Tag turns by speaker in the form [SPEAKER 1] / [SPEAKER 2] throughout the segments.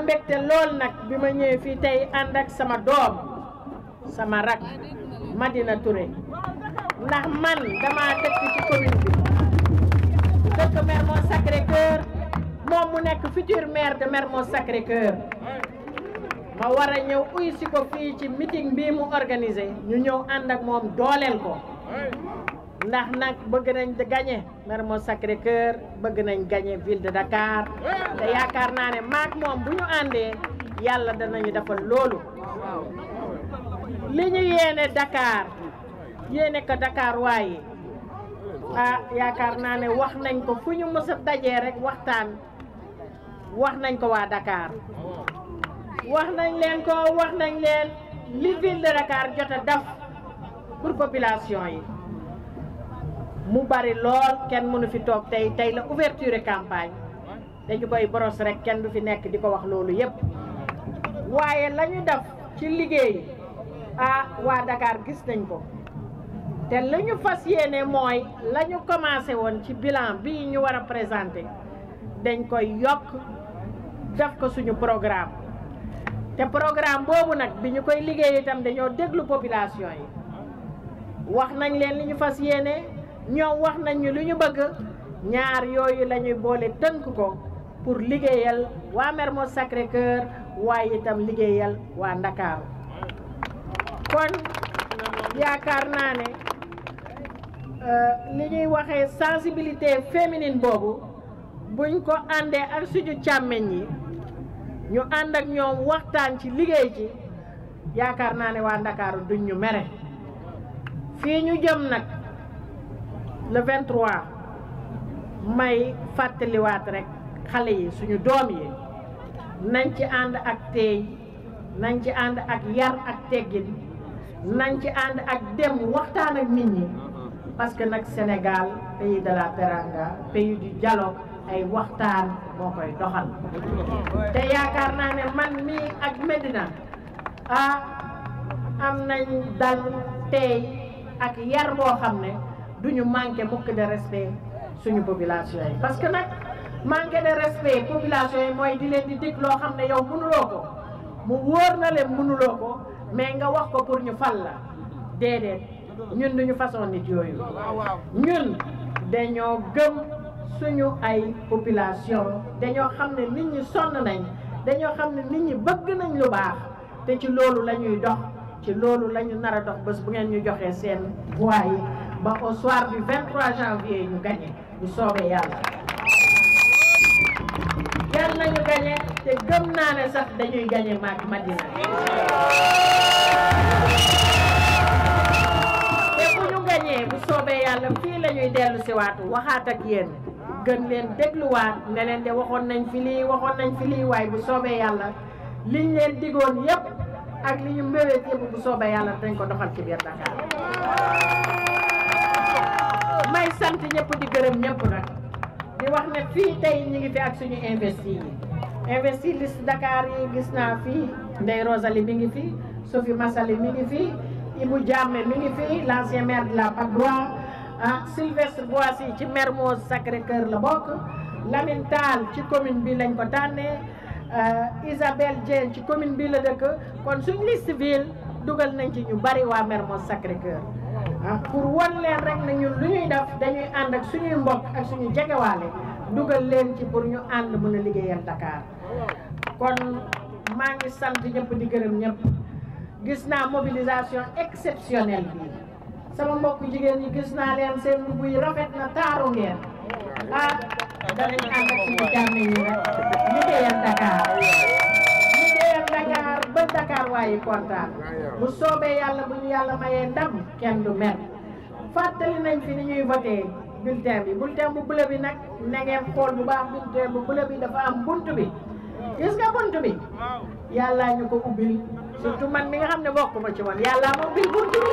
[SPEAKER 1] am mbégte lool nag bi ma ñëwee fii tey ànd ak sama doom sama rak Madina Touré ndax man dama dëkk ci commune bi dëkk Mermoz sacré moom mu nekk futur maire de Mermoz Sacré-Cœur ma war a ñëw uy si ko fii ci meeting bii mu organise ñu ñëw ànd ak moom dooleel ko ndax nag bëgg nañ gagné Mermoz Sacré-Cœur bëgg nañ gagné ville de te yaakaar naa ne maak moom bu ñu àndee yàlla danañu dafa loolu li ñu yéene Dakar yéene ko Dakar waaye ah yaakaar naa ne wax nañ ko fu ñu mës dajee rek waxtaan wax nañ ko waa dakaar wax nañ leen ko wax nañ leen li ville de Dakar jot a pour population yi mu bari lool kenn mënu fi toog tey tey la ouverture campagne dañu koy boros rek kenn du fi nekk di ko wax loolu yépp waaye lañu daf ci liggéey a ah, waa Dakar gis nañ ko te la ñu fas yéene mooy lañu ñu commencé woon ci bilan bii ñu war a présenté dañ koy yokk def ko suñu programme te programme boobu nag bi ñu koy liggéey itam dañoo déglu population yi wax nañ leen li ñu fas yéene ñoom wax nañ lu ñu bëgg ñaar yooyu lañuy boole tënk ko pour liggéeyal waa Mermoz Sacré-Cœur waaye itam liggéeyal waa Ndakaaru kon yaakaar naa ne euh, li ñuy waxee sensibilité féminine boobu buñ ko àndee ak suñu càmmeñ yi ñu ànd ak ñoom waxtaan ci liggéey ci yaakaar naa ne waa Ndakaaru duñ ñu mere fii ñu jëm nag le 23 may fàttaliwaat rek xale yi suñu doom yi nañ ci ànd ak teey nañ ci ànd ak yar ak teggin nañ ci ànd ak dem waxtaan ak nit ñi parce que nag Sénégal pays de la teranga pays du dialogue ay waxtaan moo koy doxal te yaakaar naa ne man mii ak Medina ah am nañ dal teey ak yar boo xam ne du ñu manqué mukk de respect suñu population yi parce que nag manqué de respect population yi mooy di leen di dig loo xam ne yow mënuloo ko mu wóor na leen mënuloo ko mais nga wax ko pour ñu fal la déedéet ñun duñu façon nit yooyu ñun dañoo gëm suñu ay population dañoo xam ne nit ñi sonn nañ dañoo xam ne nit ñi bëgg nañ lu baax te ci loolu la ñuy dox ci loolu la ñu nar a dox bés bu ngeen ñu joxee seen voix yi ba au soir du 23 janvier ñu gagné bu soobee yàlla yal naa ne sax dañuy gagné maak Madina te bu ñu gagné bu soobee yàlla fii lañuy ñuy dellu waxaat ak yéen gën leen dégluwaat ne leen de waxoon nañ fi lii waxoon nañ fi lii waaye bu soobee yàlla liñ leen digoon yépp ak liñu ñu yépp bu soobee yàlla nañ ko doxal ci biir Dakar may sant ñëpp di gërëm ñëpp nag di wax ne fii tey ñu ngi fi ak suñu investi yi investi liste Dakar yi gis naa fii Ndeye Rosalie mi ngi fi Sophie Massali mi ngi fi Ibou Diame mi ngi fi l'ancien maire de la Patte d'Oie ah Sylvestre Boissy ci Mermoz Sacré-Cœur la bokk Lamine Tall ci commune bi lañ ko tànnee ah, Isabelle Dieng ci commune bi la dëkk kon suñu liste ville dugal nañ ci ñu bari waa Mermoz Sacré-Cœur Ah, pour won leen rek na ñun lu ñuy def dañuy ànd ak suñuy mbokk ak suñu jegewaale dugal leen ci pour ñu ànd mën a liggéeyal Dakar kon maa ngi sant ñëpp di gërëm ñëpp gis naa mobilisation exceptionnelle bi sama mbokk jigéen ñi gis naa leen seen mbubb yi rafet na taaru ngeen ah danañ ànd ak suñu jàmm yi rek liggéeyal waaye kontaan bu soobee yàlla bu ñu yàlla mayee ndam kenn du mer fàttali nañ fi ni ñuy voté bulletin bi bulletin bu bleu bi nag na xool bu baax bulletin bu bleu bi dafa am bunt bi gis nga bunt bi yàllaa ñu ko ubbil surtout man mi nga xam ne bokk ma ci wan yàllaa ma ubbil bunt bi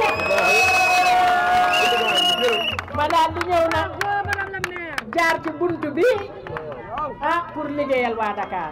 [SPEAKER 1] ma daal di ñëw nag jaar ci bunt bi ah pour liggéeyal waa Dakar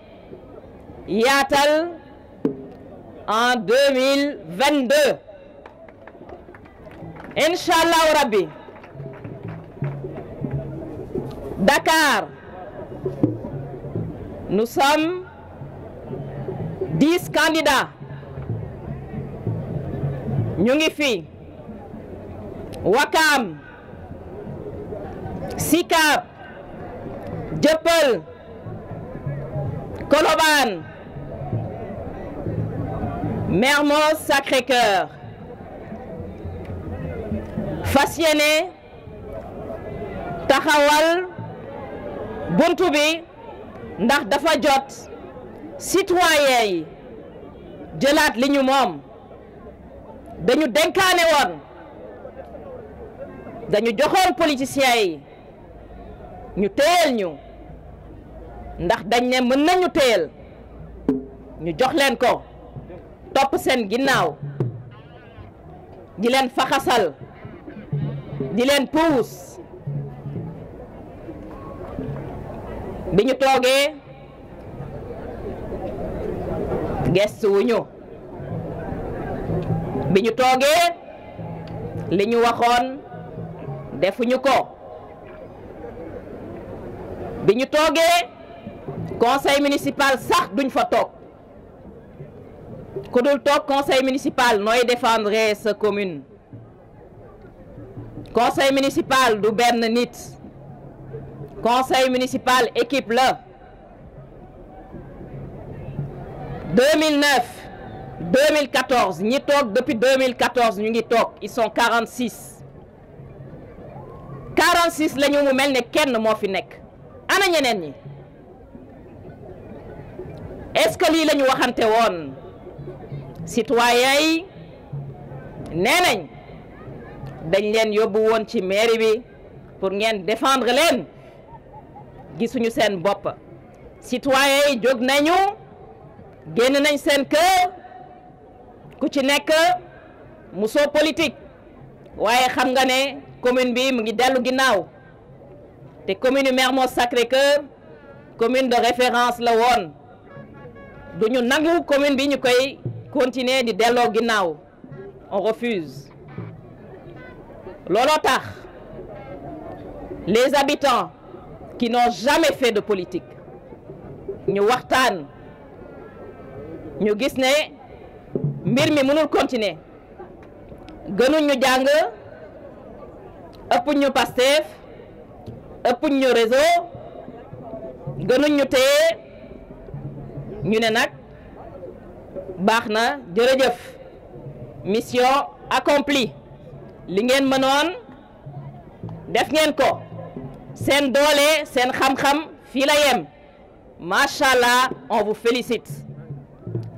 [SPEAKER 2] Yatel en 2022 Inch'Allah Dakar nous sommes 10 candidats ñu Wakam fi Djepel Koloban Mermoz Sacré-Cœur, Fassiené, taxawal buntu bi ndax dafa jot citoyen yi jëlaat li ñu moom dañu dénkaane woon dañu joxoon politiciens yi ñu téyel ñu ndax dañ ne mën nañu ñu jox leen ko topp seen ginnaaw di leen faxasal di leen puus bi ñu toogee gestu wuñu bi ñu toogee li ñu waxoon defuñu ko bi ñu toogee conseil municipal sax duñ fa toog ku dul toog conseil municipal nooy défendre sa commune conseil municipal du benn nit conseil municipal équipe la 2009 2014 ñi toog depuis 2014 ñu ngi toog ils sont 46 46 la ñu mu mel ni kenn moo fi nekk ana ñeneen ñi est-ce que lii la ñu waxante woon citoyen yi nee dañ leen yóbbu woon ci mairie bi pour ngeen défendre leen gisuñu seen bopp citoyen yi jóg nañu génn nañ seen kër ku ci nekk musoo politique waaye xam nga ne commune bi mu ngi dellu ginnaaw te commune yu Mermoz Sacré-Cœur commune de référence la woon du ñu nangu commune bi ñu koy continuer de dialogues on refuse L'Olotar, les habitants qui n'ont jamais fait de politique nous avons ñu gis ne mbir mi mënul continuer gënuñ nous jàng ñu Pastef nous ñu réseau nous ñu ñu baax na mission accomplie li ngeen mënoon def ngeen ko sen sen xam on vous félicite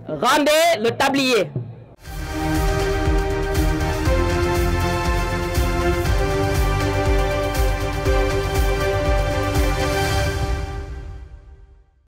[SPEAKER 2] rendez le tablier